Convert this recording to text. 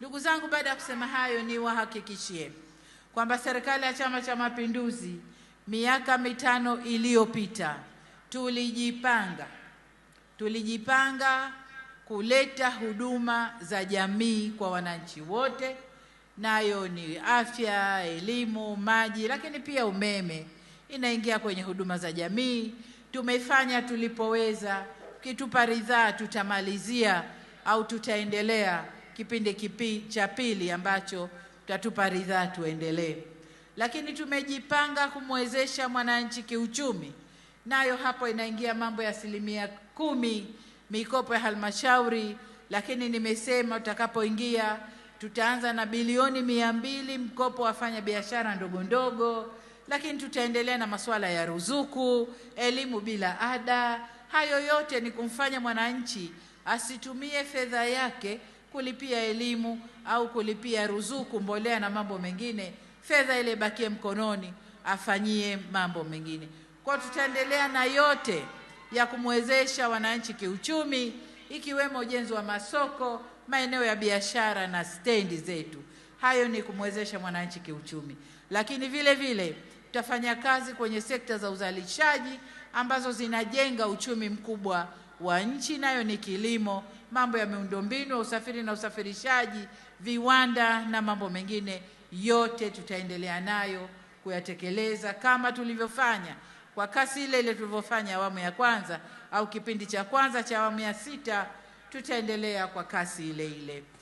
Ndugu zangu, baada ya kusema hayo, niwahakikishie kwamba serikali ya Chama cha Mapinduzi miaka mitano iliyopita tulijipanga, tulijipanga kuleta huduma za jamii kwa wananchi wote, nayo ni afya, elimu, maji, lakini pia umeme inaingia kwenye huduma za jamii. Tumefanya tulipoweza, ukitupa ridhaa tutamalizia au tutaendelea kipindi kipi cha pili ambacho tutatupa ridhaa tuendelee. Lakini tumejipanga kumwezesha mwananchi kiuchumi, nayo hapo inaingia mambo ya asilimia kumi mikopo ya halmashauri, lakini nimesema tutakapoingia tutaanza na bilioni mia mbili mkopo wafanya biashara ndogo ndogo, lakini tutaendelea na masuala ya ruzuku, elimu bila ada. Hayo yote ni kumfanya mwananchi asitumie fedha yake kulipia elimu au kulipia ruzuku, mbolea na mambo mengine, fedha ile ibakie mkononi afanyie mambo mengine. Kwa tutaendelea na yote ya kumwezesha wananchi kiuchumi, ikiwemo ujenzi wa masoko, maeneo ya biashara na stendi zetu. Hayo ni kumwezesha mwananchi kiuchumi, lakini vile vile tutafanya kazi kwenye sekta za uzalishaji ambazo zinajenga uchumi mkubwa wa nchi, nayo ni kilimo, mambo ya miundombinu ya usafiri na usafirishaji, viwanda na mambo mengine yote tutaendelea nayo kuyatekeleza kama tulivyofanya kwa kasi ile ile tulivyofanya awamu ya kwanza au kipindi cha kwanza cha awamu ya sita, tutaendelea kwa kasi ile ile.